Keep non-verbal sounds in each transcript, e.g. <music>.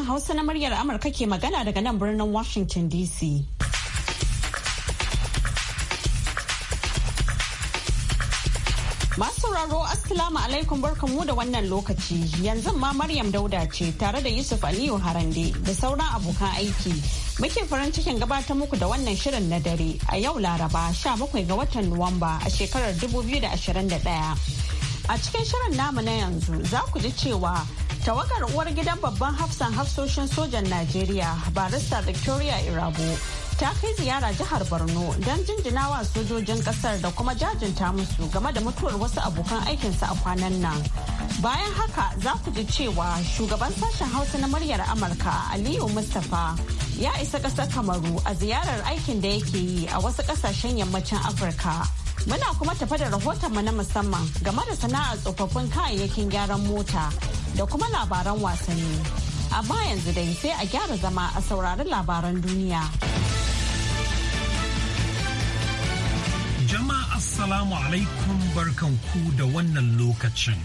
sashen Hausa na muryar Amurka ke magana daga nan birnin Washington DC. Masu sauraro Assalamu alaikum barkanmu da wannan lokaci yanzu ma Maryam Dauda ce tare da Yusuf Aliyu Harande da sauran abokan aiki. Muke farin cikin gabatar muku da wannan shirin na dare a yau Laraba 17 ga watan Nuwamba a shekarar 2021. A cikin shirin namu na yanzu za ku ji cewa tawagar uwar gidan babban hafsan hafsoshin sojan najeriya barista victoria irabo ta kai ziyara jihar borno don jinjinawa sojojin kasar da kuma jajinta musu game da mutuwar wasu abokan aikinsa a kwanan nan bayan haka za ku ji cewa shugaban sashen hausa na muryar amurka aliyu mustapha ya isa ƙasar kamaru a ziyarar aikin da yake yi a wasu ƙasashen yammacin afirka muna kuma tafa da mu na musamman game da sana'ar tsofaffin kayayyakin gyaran mota da kuma labaran wasanni. Amma yanzu dai sai a gyara zama a saurari labaran duniya. Jama'a Assalamu alaikum barkanku da wannan lokacin.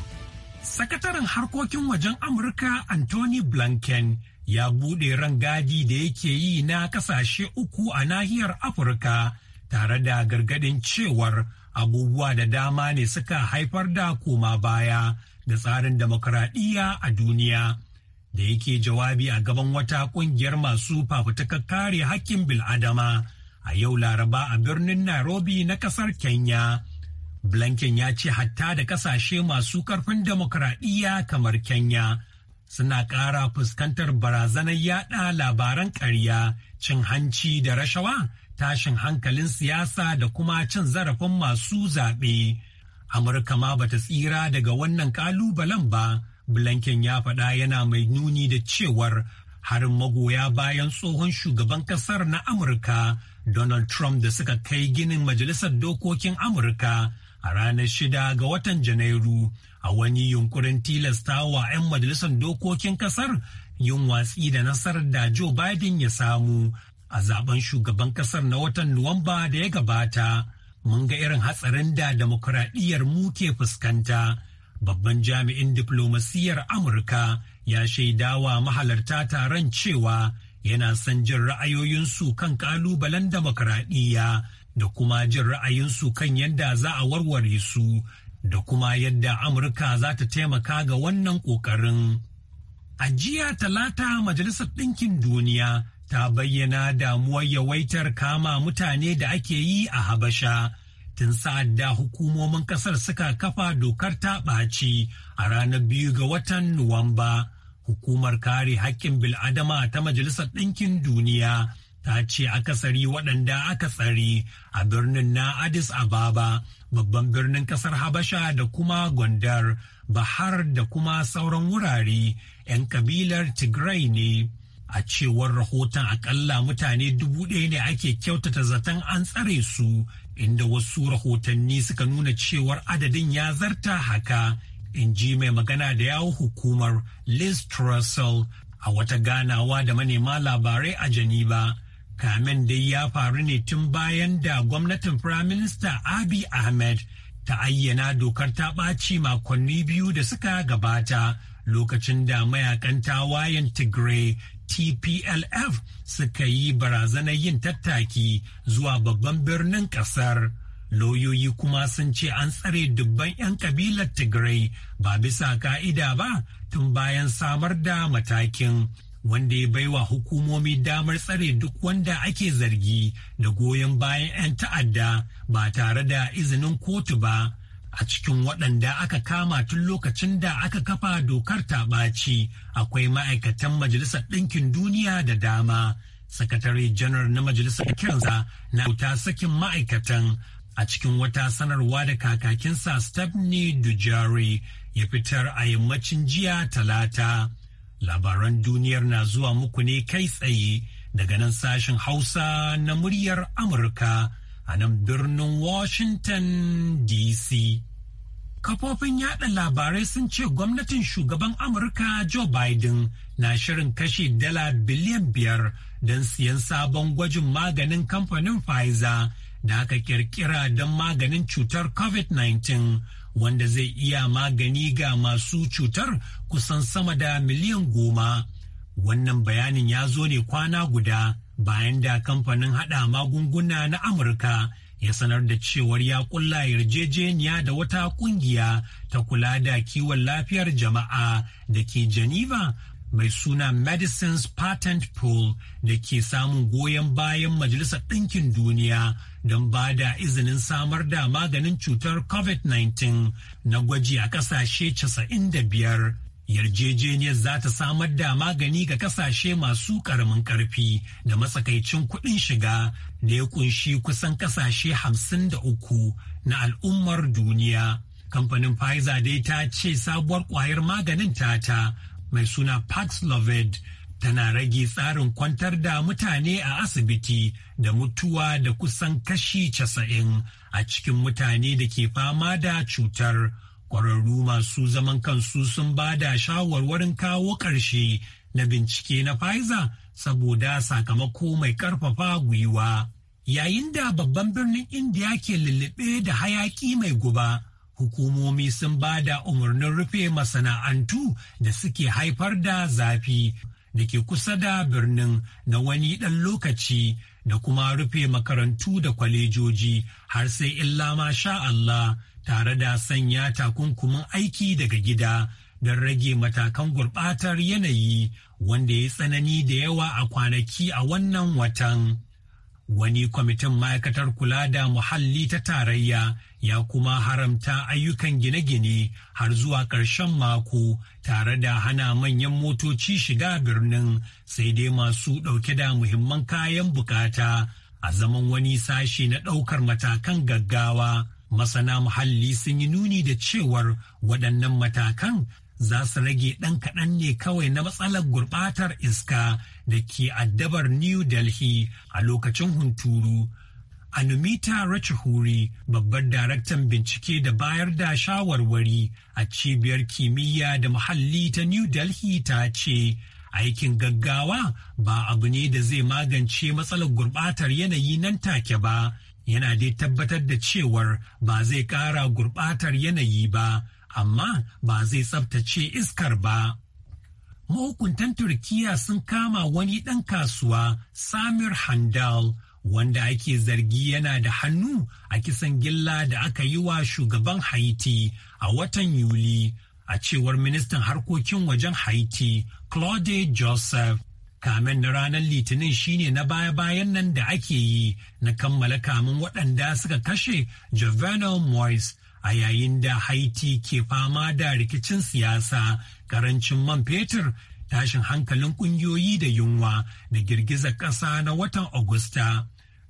Sakataren harkokin wajen Amurka Anthony Blinken ya buɗe gadi da yake yi na kasashe uku a nahiyar Afirka tare da gargadin cewar abubuwa da dama ne suka haifar da koma baya da tsarin demokuraɗiyya a duniya da yake jawabi a gaban wata ƙungiyar masu fafutukar kare hakkin bil'adama a yau laraba a birnin Nairobi na ƙasar Kenya. Blinken ya ce hatta da ƙasashe masu ƙarfin demokuraɗiyya kamar Kenya suna ƙara fuskantar barazanar yaɗa labaran ƙarya, cin hanci da rashawa, tashin hankalin siyasa da kuma cin zarafin masu zaɓe. Amurka ma bata tsira daga wannan kalubalen ba, Blinken ya faɗa yana mai nuni da cewar harin magoya bayan tsohon shugaban ƙasar na Amurka Donald Trump da suka kai ginin Majalisar Dokokin Amurka a ranar shida ga watan Janairu a wani yunkurin tilastawa 'yan Majalisar Dokokin Ƙasar? yin watsi da nasarar da Joe Biden ya samu a zaben shugaban ƙasar na watan Nuwamba da ya gabata. mun ga irin hatsarin da demokuraɗiyyar mu ke fuskanta. Babban jami'in diflomasiyyar Amurka ya shaidawa mahalarta taron cewa yana son jin ra'ayoyinsu kan ƙalubalen demokuraɗiyya da kuma jin ra'ayinsu kan yadda za a warware su da kuma yadda Amurka za ta taimaka ga wannan ƙoƙarin. A jiya talata Majalisar Ɗinkin Duniya ta bayyana damuwar yawaitar kama mutane da ake yi a Habasha. Tun sa'ad da hukumomin kasar suka kafa dokar ta ɓaci a ranar biyu ga watan Nuwamba, hukumar kare haƙƙin bil'adama ta Majalisar Ɗinkin Duniya ta ce akasari waɗanda aka tsari a birnin na Addis Ababa, babban birnin kasar Habasha da kuma Gondar, Bahar da kuma sauran wurare 'yan kabilar Tigray ne. a cewar rahoton akalla mutane dubu ɗaya ne ake kyautata zaton an tsare su inda wasu rahotanni suka nuna cewar adadin ya zarta haka in ji mai magana da yawon hukumar liz trussell a wata ganawa da manema labarai a janiba kamen dai ya faru ne tun bayan da gwamnatin firaminista abiy ahmed ta ayyana dokar ta ɓaci makonni biyu da suka gabata lokacin da mayakan tawayen tigray TPLF suka yi barazanar yin tattaki zuwa babban birnin kasar. Lauyoyi kuma sun ce an tsare dubban 'yan kabilar Tigray ba bisa ka'ida ba tun bayan samar da matakin wanda ya baiwa hukumomi damar tsare duk wanda ake zargi da goyon bayan 'yan ta'adda ba tare da izinin kotu ba. a cikin waɗanda aka kama tun lokacin da aka kafa dokar ta ɓaci akwai ma'aikatan majalisar ɗinkin duniya da dama sakatare janar na majalisar kiransa na ta sakin ma'aikatan a cikin wata sanarwa da kakakinsa Stephanie Dujare ya fitar a yammacin jiya talata. Labaran duniyar na zuwa muku ne kai tsaye daga nan sashen Hausa na muryar Amurka a nan birnin Washington DC. Kafofin yada labarai sun ce gwamnatin shugaban Amurka Joe Biden na shirin kashe dala biliyan biyar don siyan sabon gwajin maganin kamfanin Pfizer da aka kirkira don maganin cutar COVID-19 wanda zai iya magani ga masu cutar kusan sama da miliyan goma. Wannan bayanin ya zo ne kwana guda. bayan da kamfanin hada magunguna na Amurka ya sanar da cewar ya kulla yarjejeniya da wata kungiya ta kula da kiwon lafiyar jama'a da ke Geneva mai suna Medicines Patent Pool da ke samun goyon bayan Majalisar Ɗinkin Duniya don ba da izinin samar da maganin cutar COVID-19 na gwaji a ƙasashe 95. Yarjejeniyar za ta samar da magani ga kasashe masu ƙaramin ƙarfi da matsakaicin kuɗin shiga da ya kunshi kusan kasashe hamsin da uku na al'ummar duniya. Kamfanin Pfizer dai ta ce sabuwar ƙwayar maganin tata mai suna Paxlovid tana rage tsarin kwantar da mutane a asibiti da mutuwa da kusan kashi casa'in a cikin mutane da ke fama da cutar. Ƙwararru masu zaman kansu sun ba da shawarwarin kawo ƙarshe na bincike na Pfizer saboda sakamako mai ƙarfafa gwiwa. Yayin da babban birnin India ke lullube da hayaƙi mai guba, hukumomi sun ba da umarnin rufe masana'antu da suke haifar da zafi da ke kusa da birnin na wani ɗan lokaci da kuma rufe makarantu da kwalejoji har sai illa ma sha Allah tare da sanya takunkumin aiki daga gida don rage matakan gurɓatar yanayi wanda ya tsanani da yawa a kwanaki a wannan watan. Wani kwamitin ma'aikatar kula da muhalli ta tarayya ya kuma haramta ayyukan gine-gine har zuwa ƙarshen mako tare da hana manyan motoci shiga birnin sai dai masu ɗauke da muhimman kayan bukata a zaman wani sashe na ɗaukar matakan gaggawa. Masana muhalli sun yi nuni da cewar waɗannan matakan za su rage ɗan kaɗan ne kawai na matsalar gurɓatar iska da ke addabar New Delhi a lokacin hunturu. Anumita Rachahuri, babbar daraktan bincike da bayar da shawarwari a cibiyar kimiyya da muhalli ta New Delhi ta ce, aikin gaggawa ba abu ne da zai magance matsalar gurbatar yanayi nan take ba, yana dai tabbatar da cewar ba zai ƙara gurbatar yanayi ba, amma ba zai tsabtace iskar ba. mahukuntan turkiya sun kama wani ɗan kasuwa Samir Handal wanda ake zargi yana da hannu a kisan gilla da aka yi wa shugaban Haiti a watan Yuli, a cewar ministan harkokin wajen Haiti, Claude Joseph. Kamen na ranar Litinin shine na baya-bayan nan da ake yi na kammala kamun waɗanda suka kashe Jovenel Moise a yayin da Haiti ke fama da rikicin siyasa, karancin man fetur tashin hankalin ƙungiyoyi, da yunwa da girgizar ƙasa na watan Agusta.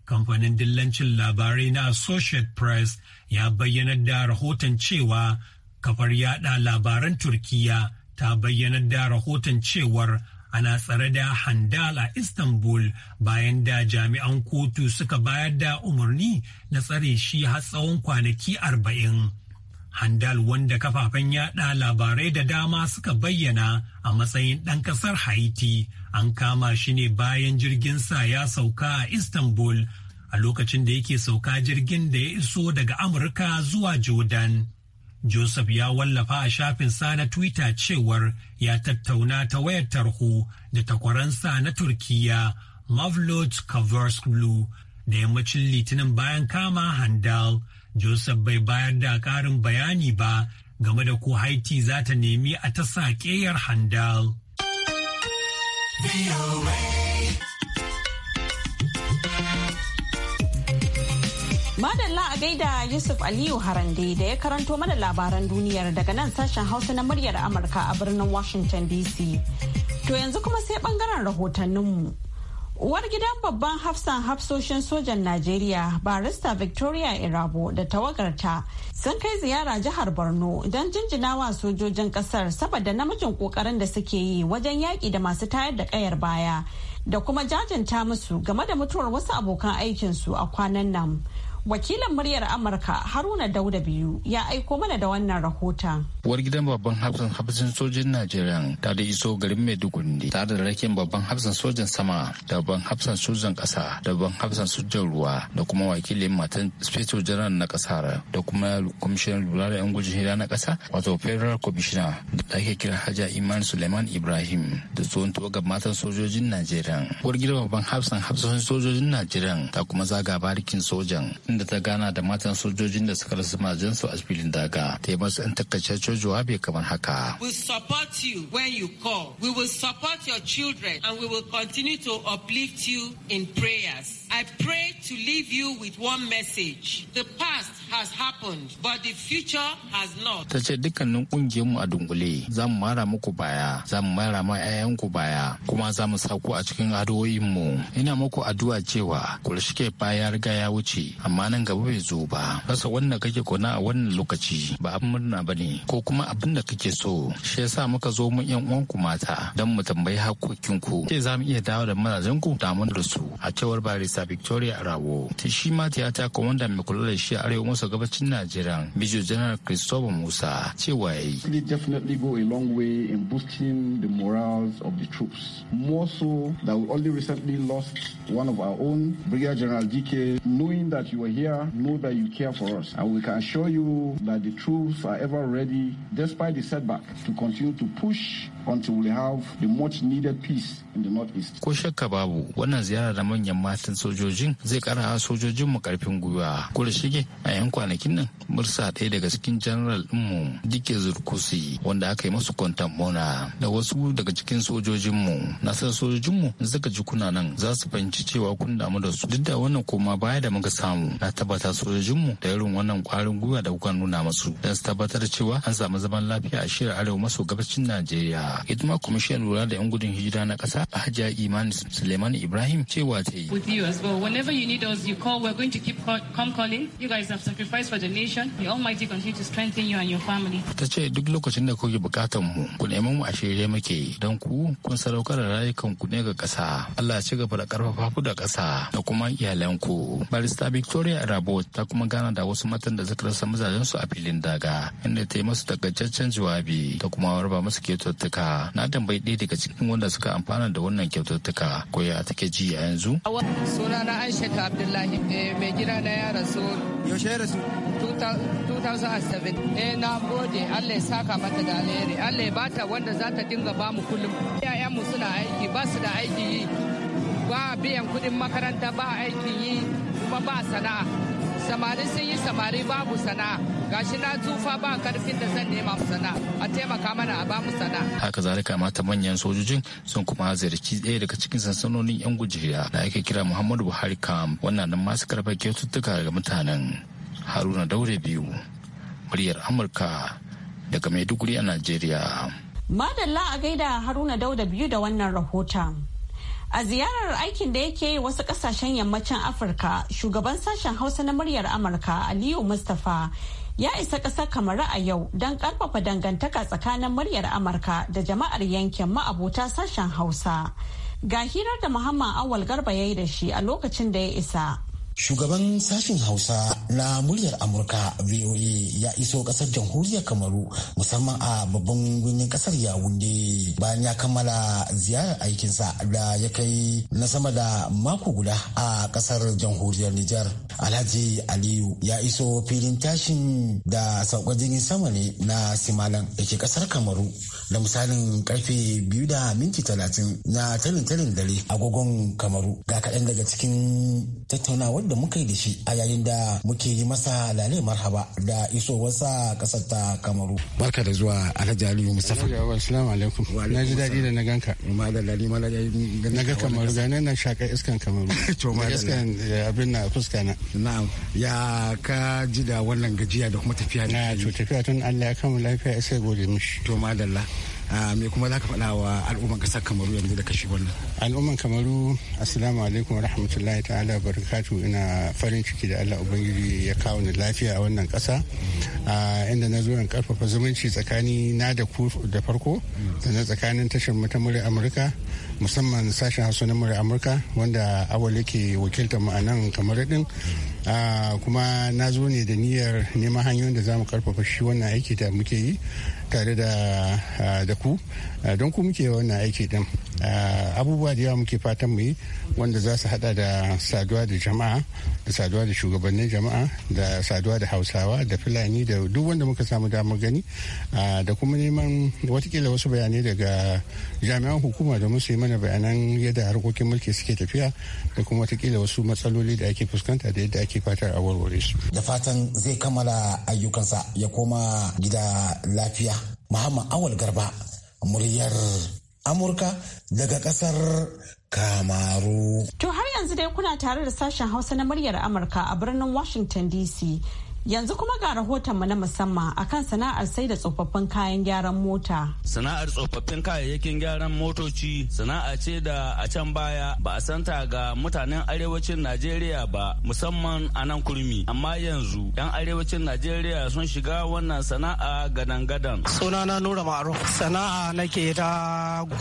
kamfanin dillancin labarai na associate press ya bayyana da rahoton cewa kafar yada labaran turkiya ta bayyana da rahoton cewar ana tsare da handal a istanbul bayan da jami'an kotu suka bayar da umarni na tsare shi har tsawon kwanaki arba'in. handal wanda kafafen yada labarai da dama suka bayyana a matsayin ɗan ƙasar haiti an kama shi ne bayan jirgin sa ya sauka a Istanbul a lokacin da yake sauka jirgin da ya iso daga Amurka zuwa Jordan. Joseph ya wallafa a shafinsa na Twitter cewar ya tattauna ta wayar tarho da takwaransa na Turkiya Mavlut blue da yammacin litinin bayan kama Handal. Joseph bai bayar da karin bayani ba game da ko Haiti za ta nemi a ta sa ƙeyar Handal. Madalla a gaida Yusuf Aliyu Harande da ya karanto mana labaran duniyar daga nan sashen Hausa na muryar Amurka a birnin Washington DC. To yanzu kuma sai bangaren rahotanninmu. Uwar gidan babban hafsan hafsoshin sojan Najeriya barista Victoria Irabo da tawagarta sun kai ziyara jihar Borno don jinjinawa sojojin kasar saboda namijin kokarin da suke yi wajen yaƙi da masu tayar da ƙayar baya da kuma jajinta musu game da mutuwar wasu abokan aikinsu a kwanan nan. wakilan muryar Amurka Haruna Dauda biyu ya aiko mana da wannan rahoton. Uwar gidan babban hafsan hafsan sojin Najeriya ta da iso garin Maiduguri tare da rakin babban hafsan sojan sama da babban hafsan sojan kasa da babban hafsan sojan ruwa da kuma wakilin matan special General na kasar da kuma kwamishinan lura da 'yan gudun hira na kasa wato Federal Commissioner da ake kira Haja Iman Suleiman Ibrahim da tsohon tawagar matan sojojin Najeriya. Uwar gidan babban hafsan hafsan sojojin Najeriya ta kuma zaga barikin sojan inda ta gana da matan sojojin da suka majinsu a filin daga ta yi takaitaccen jawabi kamar haka. We support you when you call. We will support your children and we will continue to uplift you in prayers. I pray to leave you with one message. The past has happened, but the future has not. Ta ce dukkanin mu a dungule za mu mara muku baya, za mu mara ma 'ya'yanku baya, kuma za mu sa a cikin mu Ina muku addu'a cewa ku shike baya riga ya wuce, amma nan gaba bai zo ba. Rasa wannan kake kona a wannan lokaci ba abin murna ba ne, ko kuma abin da kake so. Shi yasa muka zo mu 'yan uwanku mata don mu tambayi hakokinku. Ce za mu iya dawo da ku. damun da su, a cewar Barisa Victoria Dawo ta shi ma tiyata komanda mai kula da shi a arewa maso gabacin Najeriya Major General Christopher Musa cewa yayi. It definitely go a long way in boosting the morals of the troops. More so that we only recently lost one of our own, Brigadier General DK. Knowing that you are here, know that you care for us and we can assure you that the troops are ever ready despite the setback to continue to push until we have the much needed peace in the northeast. Ko shakka babu wannan ziyara da manyan matan sojojin zai kara sojojin mu karfin gwiwa. Ko shige a yan kwanakin nan mursa ɗaya daga cikin general mu. Dike Zurkusi wanda aka yi masu kwantan mona da wasu daga cikin sojojin mu. sojojinmu sojojin mu suka ji kuna nan za su fahimci cewa kun damu da su. Duk da wannan koma baya da muka samu na tabbata sojojin mu da irin wannan kwarin gwiwa da kuka nuna masu dan su tabbatar cewa an samu zaman lafiya a shirin arewa maso gabashin Najeriya. Hidima ma kwamishiyar lura da 'yan gudun hijira na ƙasa a hajiya imani suleiman ibrahim cewa ta yi with you as well you need us nation ta ce duk lokacin da kuke bukatar mu ku nemi mu a shirye muke don ku kun sadaukar da rayukan ku ne ga ƙasa Allah ci gaba da karfafa ku da ƙasa da kuma iyalanku barista victoria rabot ta kuma gana da wasu matan da suka rasa su a filin daga inda ta yi masu takaitaccen jawabi da kuma warba musu ketuttuka na tambayi ɗaya daga cikin wanda suka amfana da wannan kyaututtuka ko ya take ji a yanzu. Suna na aisha abdullahi eh, mai gida na ya rasu yaushe ya rasu 2007 eh na gode Allah ya saka mata da alheri Allah ya bata wanda za ta dinga ba mu kullum mu suna aiki ba su da aiki yi ba biyan kudin makaranta ba aiki yi kuma ba sana'a samari sun yi samari babu sana gashi na tufa ba karfin da zan nema mu sana; a taimaka mana a ba mu sana. haka zalika mata manyan sojojin sun kuma ziyarci ɗaya daga cikin sansanonin yan gujiya da ake kira muhammadu buhari kam wannan nan masu karɓar kyaututtuka daga mutanen haruna daure biyu muryar amurka daga maiduguri a najeriya madalla a gaida haruna dauda biyu da wannan rahoton A ziyarar aikin da yake wasu kasashen yammacin Afirka, shugaban sashen Hausa na muryar Amurka Aliyu Mustapha ya isa ƙasar Kamaru a yau don ƙarfafa dangantaka tsakanin muryar Amurka da jama'ar yankin ma'abota sashen Hausa. Ga hirar da Muhammad Awal Garba ya yi da shi a lokacin da ya isa. Shugaban sashen Hausa na muryar Amurka VOA ya iso kasar jamhuriyar Kamaru musamman a babban gwinin kasar Yawunde bayan ya kammala ziyarar aikinsa da ya kai na sama da mako guda a kasar jamhuriyar Nijar. Alhaji Aliyu ya iso filin tashin da saukar jirgin sama ne na Simalan da ke kasar Kamaru da misalin karfe biyu da minti talatin na tarin tarin dare agogon Kamaru ga kaɗan daga cikin tattaunawar taron da muka yi da shi a yayin da muke yi masa lale marhaba da isowarsa kasar ta kamaru barka da zuwa alhaji aliyu mustafa assalamu alaikum na ji daɗi da na ganka na ga kamaru ganin na shaka iskan kamaru <laughs> iskan eh, abin na fuska na na'am ya ka ji da wannan gajiya da kuma tafiya na to tafiya tun allah ya kama lafiya sai gode mishi to Allah Ah, me kuma za ka faɗa wa al'umman ƙasar kamaru yanzu da kashi wannan al'umman kamaru assalamu alaikum rahmatullahi ta'ala barkatu ina farin ciki da allah ubangiji ya kawo ni lafiya a wannan ƙasa ah, inda na zo in karfafa zumunci tsakani na da ku da farko sannan tsakanin tashar mu ta murya amurka musamman sashen hausa na murya amurka wanda awal yake wakiltar mu a nan kamar din ah, kuma na zo ne da niyyar neman hanyoyin da za mu karfafa shi wannan aiki da muke yi tare da ah, ku ah, don ku muke wannan aiki din Ah, abubuwa da yawa muke fatan mu yi wanda za su hada da saduwa da jama'a da saduwa da shugabannin jama'a da saduwa da hausawa da fulani da duk wanda muka samu damar gani ah, da kuma neman watakila wasu bayanai daga jami'an hukuma da musu yi mana bayanan yadda harkokin mulki suke tafiya da kuma watakila wasu matsaloli da ake fuskanta da yadda ake fatar a warware su da fatan zai kammala ayyukansa ya koma gida lafiya muhammad awal garba muryar amurka daga kasar kamaru to har yanzu dai kuna tare da sashen hausa na muryar amurka a birnin washington dc Yanzu kuma ga rahotonmu na musamman akan sana'ar sai da tsofaffin kayan gyaran mota. Sana'ar tsofaffin kayayyakin gyaran motoci sana'a ce da a can baya ba a santa ga mutanen arewacin Najeriya ba musamman a nan kurmi. Amma yanzu 'yan arewacin Najeriya sun shiga wannan sana'a gadan-gadan. Sunana Nura maro sana'a nake ta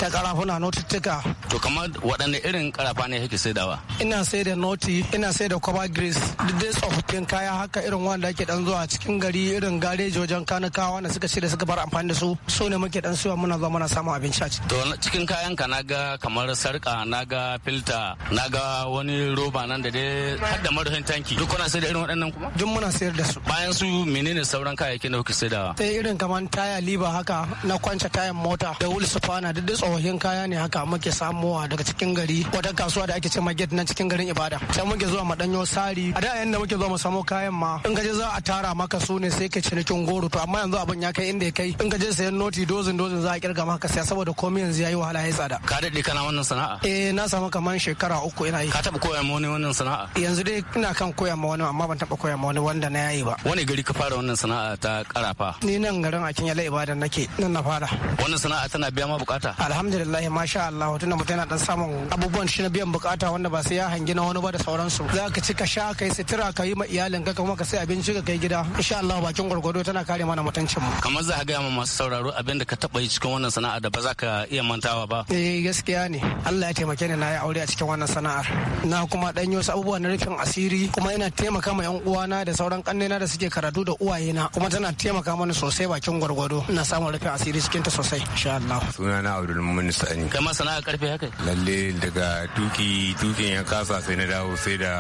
ta karafuna notittika. To kamar waɗanne irin karafa ne kake saidawa? Ina saida noti, ina saida kwaba grease, duk dai tsofaffin kaya haka irin wanda ake dan zuwa cikin gari irin gareji wajen kanakawa da suka shirya suka bar amfani da su so ne muke dan siwa muna zuwa muna samun abinci a ciki. To cikin kayan ka naga kamar sarka naga filta naga wani roba nan da dai har da marufin tanki duk kuna sayar da irin waɗannan kuma? Duk muna sayar da su. Bayan su menene sauran kayayyakin da kuke da. Sai irin kamar taya liba haka na kwance tayan mota da wul sufana duk da tsohon kaya ne haka muke samuwa daga cikin gari wata kasuwa da ake ce market na cikin garin Ibada. Sai muke zuwa mu danyo sari a da yanda muke zuwa mu samu kayan ma in ka je za a tara maka su ne sai ka cinikin goro to amma yanzu abin ya kai inda ya kai in ka je sayan noti dozin dozin za a kirga maka saya saboda komai yanzu yayi wahala ya tsada ka dade kana wannan sana'a eh na samu kaman shekara uku ina yi ka taba koya ma wani wannan sana'a yanzu dai ina kan koya ma wani amma ban taba koya ma wani wanda na yayi ba wani gari ka fara wannan sana'a ta karafa ni nan garin akin yala ibadan nake nan na fara wannan sana'a tana biya ma bukata alhamdulillah masha Allah da mutum yana dan samun abubuwan shi na biyan bukata wanda ba sai ya hangi na wani ba da sauransu za ka ci ka sha kai sitira ka yi ma iyalin ka kuma ka sai abinci suka kai gida insha Allah bakin gwargwado tana kare mana mutuncin mu kamar za ka ga masu sauraro abin da ka taba yi cikin wannan sana'a da ba za ka iya mantawa ba eh gaskiya ne Allah ya taimake ni na yi aure a cikin wannan sana'ar na kuma dan yi wasu abubuwa na rufin asiri kuma ina taimaka ma yan uwana da sauran kannena da suke karatu da uwayena kuma tana taimaka mana sosai bakin gwargwado ina samun rufin asiri cikin ta sosai insha Allah sunana Abdul Mumin Sani kai ma sana'a karfe haka lalle daga tuki tukin ya kasa sai na dawo sai da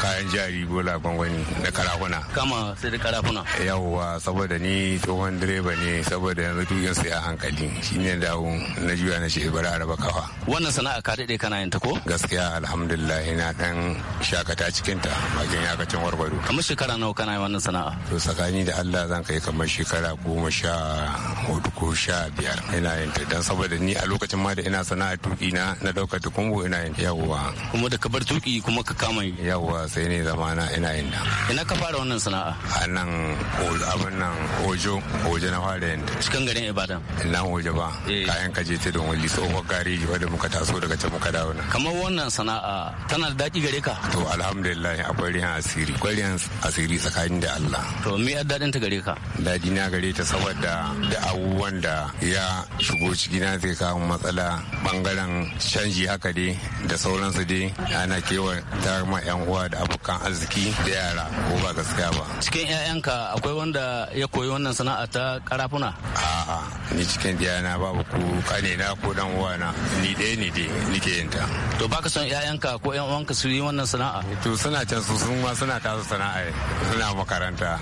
kayan jari bola gwangwani da karahuna kama sai da karafuna yawwa saboda ni tsohon direba ne saboda yanzu tuyin sai a hankali shine dawo na juya na shi bara araba kawa. wannan sana'a ka daɗe kana yin ta ko gaskiya alhamdulillah ina dan shakata cikin ta bakin yakacin warwaro kamar shekara nawa kana yin wannan sana'a to tsakani da Allah zan kai kamar shekara goma sha hudu ko sha biyar ina yin ta dan saboda ni a lokacin ma da ina sana'a tuki na na daukar tukungo ina yin yawwa kuma da ka bar tuki kuma ka kama yawwa sai ne zamana ina yin da ina ka fara wannan wannan sana'a a nan abin nan ojo ojo na fara yanta cikin garin ibadan nan ojo ba eh. kayan kaje ta don wali tsohon gari wadda muka taso daga can muka dawo nan kamar wannan sana'a tana da daɗi gare ka to alhamdulillah akwai riyan asiri akwai riyan asiri tsakanin da Allah to me ya daɗin ta gare ka daɗi na gare ta saboda da abubuwan da ya shigo ciki na zai kawo matsala bangaren canji haka dai da sauransu dai ana kewa ta ma yan uwa da abokan arziki da yara ko ba gaskiya ba cikin ƴaƴanka akwai wanda ya koyi wannan sana'a ta karafuna a'a ni cikin na babu ku kane na ko dan uwana ni ɗaya ne dai nike yin ta to baka son ƴaƴanka ko ƴan uwanka su yi wannan sana'a to suna can su sun ma suna tasu sana'a suna makaranta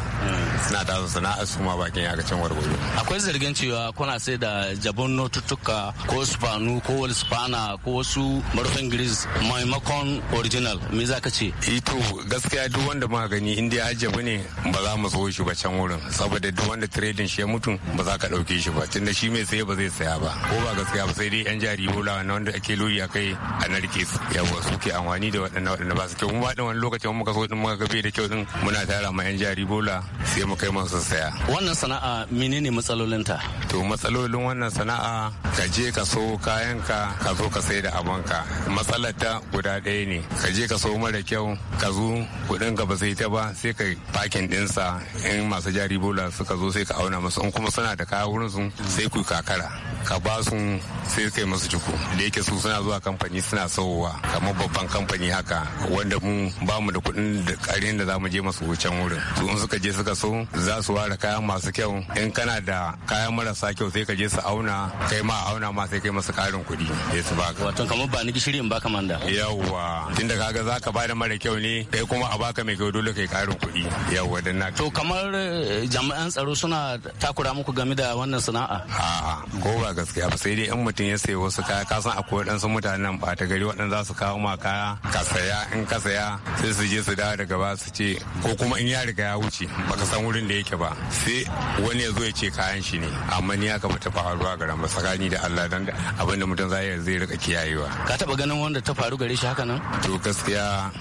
suna tasu sana'a su ma bakin ya can warwaro akwai zargin cewa kuna sai da jabon notuttuka ko spanu ko wal spana ko wasu marufin gris maimakon original me za ka ce eh to gaskiya duk wanda muka gani in ajiye ajabu ne ba za mu so shi ba can wurin saboda duk wanda trading shi ya mutu ba za ka dauke shi ba tunda shi mai saye ba zai saya ba ko ba gaskiya ba sai dai yan jari bola na wanda ake lori akai a narke su yawa suke amfani da waɗannan waɗanda ba su kyau mu ba wani lokacin muka so din muka gabe da kyau din muna tara ma yan jari bola sai mu kai masu saya wannan sana'a menene matsalolinta to matsalolin wannan sana'a ka je ka so kayanka ka zo ka sai da abanka matsalar ta guda ɗaya ne ka je ka so mara kyau ka ka zo kuɗin ka ba sai ta ba sai ka pakin ɗinsa in masu jari bola suka zo sai ka auna masu in kuma suna da kaya wurin sun sai ku kakara ka ba su sai kai musu ciko da yake su suna zuwa kamfani suna sauwa kamar babban kamfani haka wanda mu ba mu da kuɗin da ƙarin da za mu je masu wucen wurin su in suka je suka so za su ware kayan masu kyau in kana da kayan marasa kyau sai ka je su auna kai ma auna ma sai kai masu ƙarin kuɗi sai su baka wato kamar ba ni gishiri in baka manda yawwa tunda kaga za ka bada mara kyau ne kai kuma a baka mai kyau dole kai ƙarin kuɗi yawwa dan na to kamar eh, jami'an tsaro suna takura muku game da wannan sana'a a'a ko ba gaskiya ba sai dai in mutum ya sayi wasu kaya ka akwai waɗansu mutanen ba ta gari waɗanda za su kawo ma kaya ka saya in ka saya sai su je su dawo daga ba su ce ko kuma in ya riga ya wuce baka san wurin da yake ba sai wani ya zo ya ce kayan shi ne amma ni haka ba ta faruwa garan ba tsakani da Allah dan abin da mutum zai zai rika kiyayewa ka taba ganin wanda ta faru gare shi haka nan to gaskiya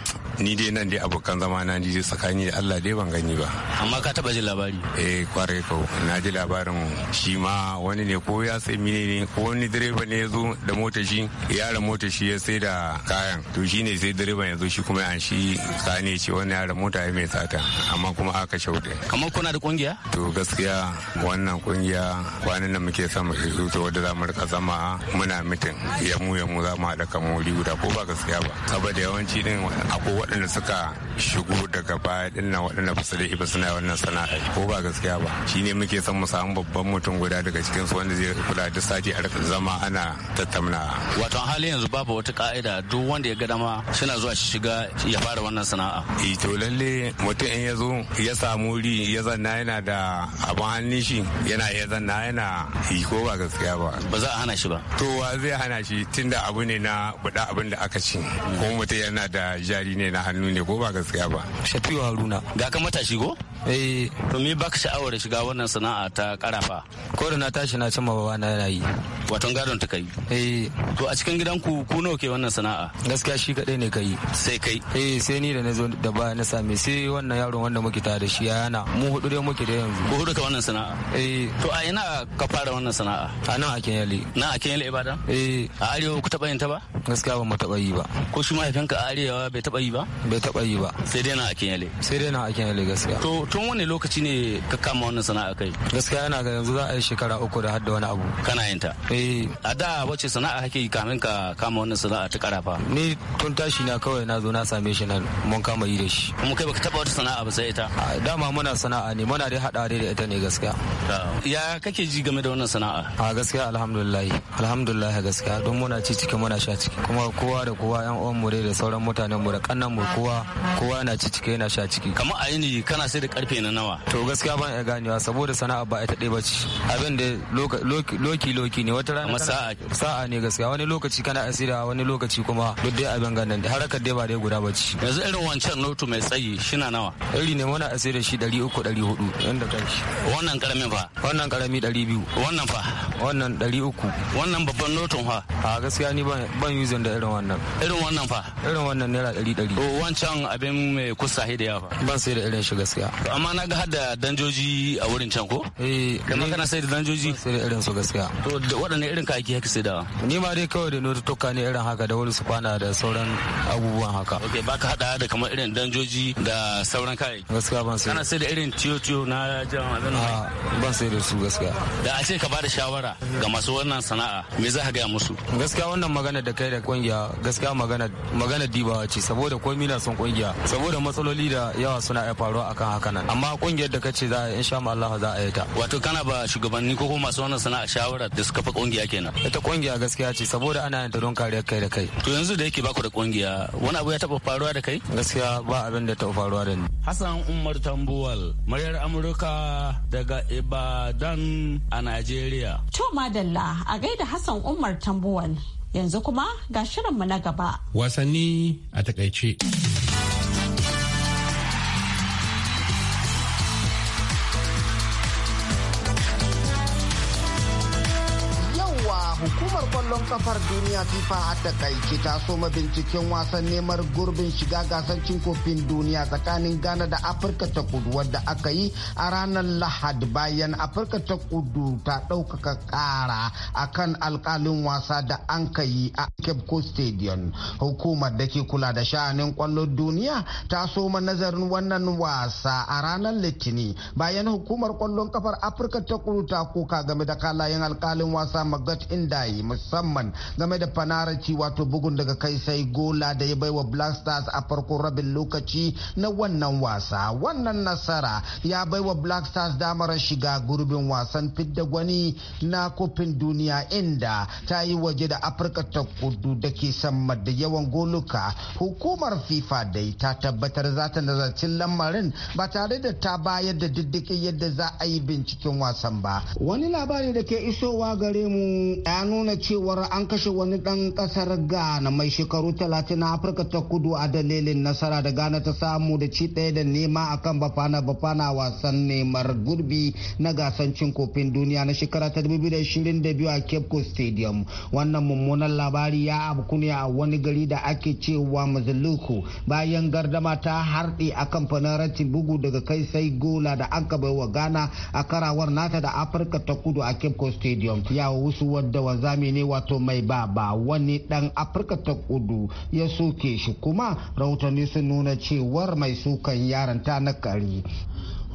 ni dai nan dai abokan zama na ni dai tsakani da Allah dai ban gani ba amma ka taba jin labari eh kware ko na ji labarin shi ma wani ne ko ya sai mine ne ko wani direba ne ya zo da mota shi yaron mota shi ya sai da kayan to shi ne sai direban ya zo shi kuma an shi tsani ce wani yaron mota ya mai tsata amma kuma aka shaude kamar kuna da kungiya to gaskiya wannan kungiya kwanan nan muke sama su to wanda za mu rika zama muna mitin ya mu ya mu za mu haɗa kamar guda ko ba gaskiya ba saboda yawanci din akwai waɗanda suka shigo daga baya din nan waɗanda ba su da ba suna wannan sana'a ko ba gaskiya ba shi ne muke son mu samu babban mutum guda daga cikin su wanda zai kula duk sati a rika zama ana tattauna wato halin yanzu babu wata ka'ida duk wanda ya ga dama suna zuwa shiga ya fara wannan sana'a eh to lalle mutum in ya zo ya samu ri ya zanna yana da abin hannun shi yana ya zanna yana yi ko ba gaskiya ba ba za a hana shi ba to wa zai hana shi tunda abu ne na buɗa abin da aka ci ko mutum yana da jari ne na hannu ne ko ba gaskiya ba shafiwa haruna ga ka matashi ko eh to me baka sha'awar shiga wannan sana'a ta karafa ko da na tashi na cimma bawa na yana yi waton gadon ta kai eh to a cikin gidanku ku nawa ke wannan sana'a gaskiya shi kadai ne kai sai kai eh sai ni da na zo da ba na same sai wannan yaron wanda muke tare da shi ya yana mu hudu dai muke da yanzu ku hudu ka wannan sana'a eh to a ina ka fara wannan sana'a a nan a Kenyale Na a Kenyale Ibadan eh a arewa ku taba yin ta ba gaskiya ba mu taba yi ba ko shi mahaifinka a arewa bai taba yi ba bai taba yi ba sai dai na a Kenyale sai dai na a Kenyale gaskiya to tun wani lokaci ne ka kama wannan sana'a kai? Gaskiya yana ga yanzu za a yi shekara uku da hadda wani abu. Kana yin ta? Eh. A da wace sana'a kake yi kamin ka kama wannan sana'a ta karafa? Ni tun tashi na kawai na zo na same shi nan mun kama yi da shi. Kuma kai baka taba wata sana'a ba sai ita? Dama muna sana'a ne muna dai hada da ita ne gaskiya. Ya kake ji game da wannan sana'a? A gaskiya alhamdulillah alhamdulillah gaskiya don muna ci ciki muna sha ciki kuma kowa da kowa yan uwan mu da sauran mutanen mu da kannan mu kowa kowa na ci ciki yana sha ciki. Kamar a yini kana sai da karfe na nawa to gaskiya ban iya ganewa saboda sana'a ba ita ɗaya bace abin da loki loki ne wata rana sa'a sa'a ne gaskiya wani lokaci kana asira wani lokaci kuma duk dai abin ganin da harakar dai ba dai guda bace yanzu irin wancan notu mai tsayi shina nawa iri ne muna asira shi 300 400 inda kai wannan karamin fa wannan karami 200 wannan fa wannan 300 uku wannan babban noton fa a gaskiya ni ban yuzin da irin wannan irin wannan fa irin wannan naira ɗari ɗari to wancan abin mai kusa da yawa ban sai da irin shi gaskiya amma na ga hada danjoji a wurin can ko eh kamar kana sai da danjoji sai da irin su gaskiya to waɗanne irin kaki haka sai da ni ma dai kawai da notuka ne irin haka da wani su kwana da sauran abubuwan haka okay baka hada da kamar irin danjoji da sauran kai gaskiya ban sai kana sai da irin tiyo tiyo na jan abin ban sai da su gaskiya da a ce ka bada shawara shawara ga masu wannan sana'a me za ka gaya musu gaskiya wannan magana da kai da kungiya gaskiya magana magana dibawa ce saboda komi na son kungiya saboda matsaloli da yawa suna iya faruwa akan haka nan amma kungiyar da kace za a insha Allah za a yi ta wato kana ba shugabanni ko kuma masu wannan sana'a shawara da suka fa kungiya kenan ita kungiya gaskiya ce saboda ana yin don kariyar kai da kai to yanzu da yake baku da kungiya wani abu ya taba faruwa da kai gaskiya ba abin da ta faruwa da ni Hassan Umar Tambuwal muryar Amurka daga Ibadan a Najeriya To madalla a gaida Hassan Umar Tambuwal yanzu kuma ga shirinmu na gaba. Wasanni a takaice. kafar duniya fifa a takaice ta soma binciken wasan neman gurbin shiga gasar cin kofin duniya tsakanin ghana da afirka ta kudu wadda aka yi a ranar lahad bayan afirka ta kudu ta ɗaukaka ƙara a kan alkalin wasa da an ka yi a cape coast stadium hukumar da ke kula da sha'anin kwallon duniya ta soma nazarin wannan wasa a ranar litini bayan hukumar kwallon kafar afirka ta kudu ta koka game da kalayen alkalin wasa magat indayi musamman musamman game da fanaraci wato bugun daga kai sai gola da ya baiwa black stars a farko rabin lokaci na wannan wasa wannan nasara ya baiwa black stars damar shiga gurbin wasan fidda gwani na kofin duniya inda ta yi waje da afirka ta kudu da ke sama da yawan goluka hukumar fifa dai ta tabbatar za ta nazarci lamarin ba tare da ta bayar da diddikin yadda za a yi binciken wasan ba wani labari da ke isowa gare mu ya nuna cewar an kashe wani ɗan kasar Ghana mai shekaru 30 na Afirka ta kudu a dalilin nasara da Ghana ta samu da ci ɗaya da nema akan bafana bafana wasan neman gurbi na gasan cin kofin duniya na shekara ta 2022 a Cape Coast Stadium. Wannan mummunan labari ya abu ne a wani gari da ake cewa Mazaluku bayan gardama ta harɗe a kamfanin ratin bugu daga kai sai gola da an bai wa Ghana a karawar nata da Afirka ta kudu a Cape Coast Stadium. ya wasu wadda wanzami ne wato wato mai baba wani dan afirka ta kudu ya soke shi kuma rahotanni sun nuna cewar mai sukan yaranta na kari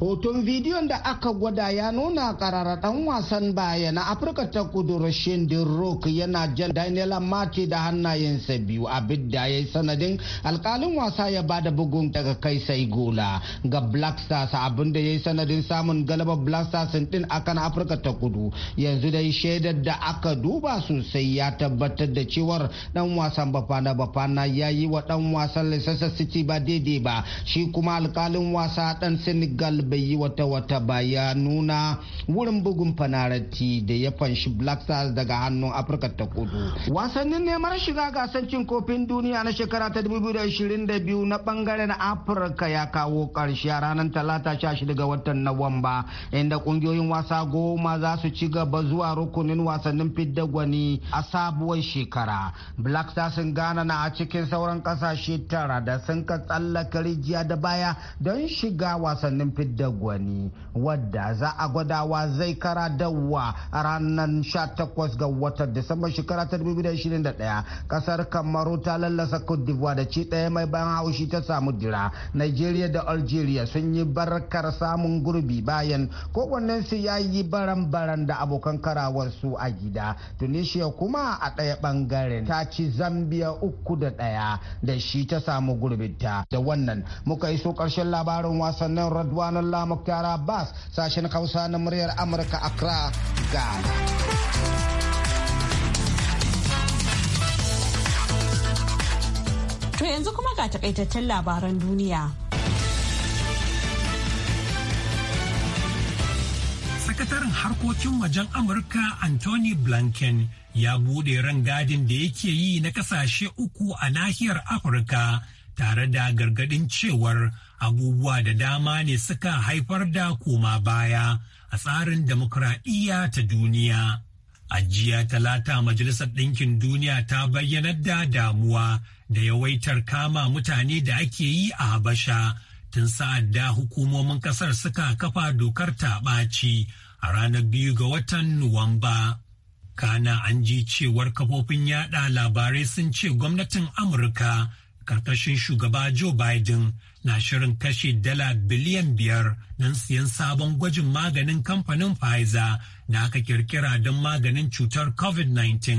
hoton bidiyon da aka gwada ya nuna karara dan wasan baya na afirka ta kudu rashin rock yana jan daniel amati da hannayensa biyu abin da ya yi sanadin alkalin wasa ya ba da bugun daga kai sai gola ga black stars abin da ya yi sanadin samun galaba black stars din akan afirka ta kudu yanzu dai shaidar da aka duba sosai ya tabbatar da cewar dan wasan bafana bafana ya yi wa dan wasan leicester city ba daidai ba shi kuma alkalin wasa dan senegal bai yi wata wata ba ya nuna wurin bugun fanarati da ya fanshi black stars daga hannun afirka ta kudu wasannin neman shiga gasar cin kofin duniya na shekara ta 2022 na bangaren afirka ya kawo karshe a ranar talata 16 ga watan nawamba inda kungiyoyin wasa goma za su ci gaba zuwa rukunin wasannin fidda gwani a sabuwar shekara black stars sun gana na a cikin sauran kasashe tara da sun ka tsallaka rijiya da baya don shiga wasannin fidda da gwani wadda za a gwadawa zai kara dawa a ranar 18 ga watan disamba shekara ta 2021 kasar kamaru ta lallasa cote da ci ɗaya mai ban haushi ta samu dira nigeria da algeria sun yi barkar samun gurbi bayan su ya yi baran-baran da abokan karawarsu a gida tunisia kuma a ɗaya ɓangaren ta ci zambia uku da ɗaya da shi ta samu gurbinta da wannan muka iso ƙarshen labarin wasannin radwanan Murtala Muktar Abbas sashen Hausa na muryar Amurka Accra, Ghana. To yanzu kuma ga takaitaccen labaran duniya. Sakataren harkokin wajen Amurka Anthony Blinken ya bude gadin da yake yi na kasashe uku a nahiyar Afirka tare da gargadin cewar abubuwa da dama ne suka haifar da koma baya a tsarin demokuraɗiyya ta duniya. A jiya talata Majalisar Ɗinkin Duniya ta bayyanar da damuwa da yawaitar kama mutane da ake yi a Habasha tun sa'ad da hukumomin ƙasar suka kafa dokar ta ɓaci a ranar biyu ga watan Nuwamba. Kana an ji cewar kafofin yada labarai sun ce gwamnatin Amurka karkashin shugaba Joe Biden na shirin kashe dala biliyan biyar don siyan sabon gwajin maganin kamfanin Pfizer da aka kirkira don maganin cutar COVID-19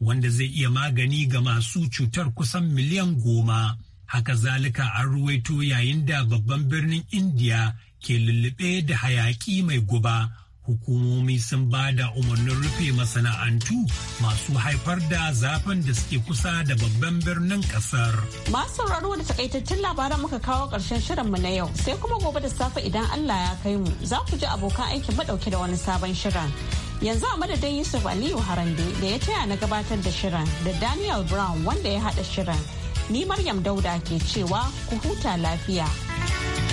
wanda zai iya magani ga masu cutar kusan miliyan goma. Haka zalika an ruwaito yayin da babban birnin India ke lullube da hayaki mai guba hukumomi sun ba da umarnin rufe masana'antu masu haifar da zafin da suke kusa da babban birnin kasar. Masu sauraro da takaitattun labaran muka kawo ƙarshen mu na yau sai kuma gobe da safe idan Allah ya kai mu za ku ji abokan aikin madauke da wani sabon shirin. Yanzu a madadin Yusuf Aliyu Harande da ya taya na gabatar da shirin da Daniel Brown wanda ya haɗa shirin. Ni Maryam Dauda ke cewa ku huta lafiya.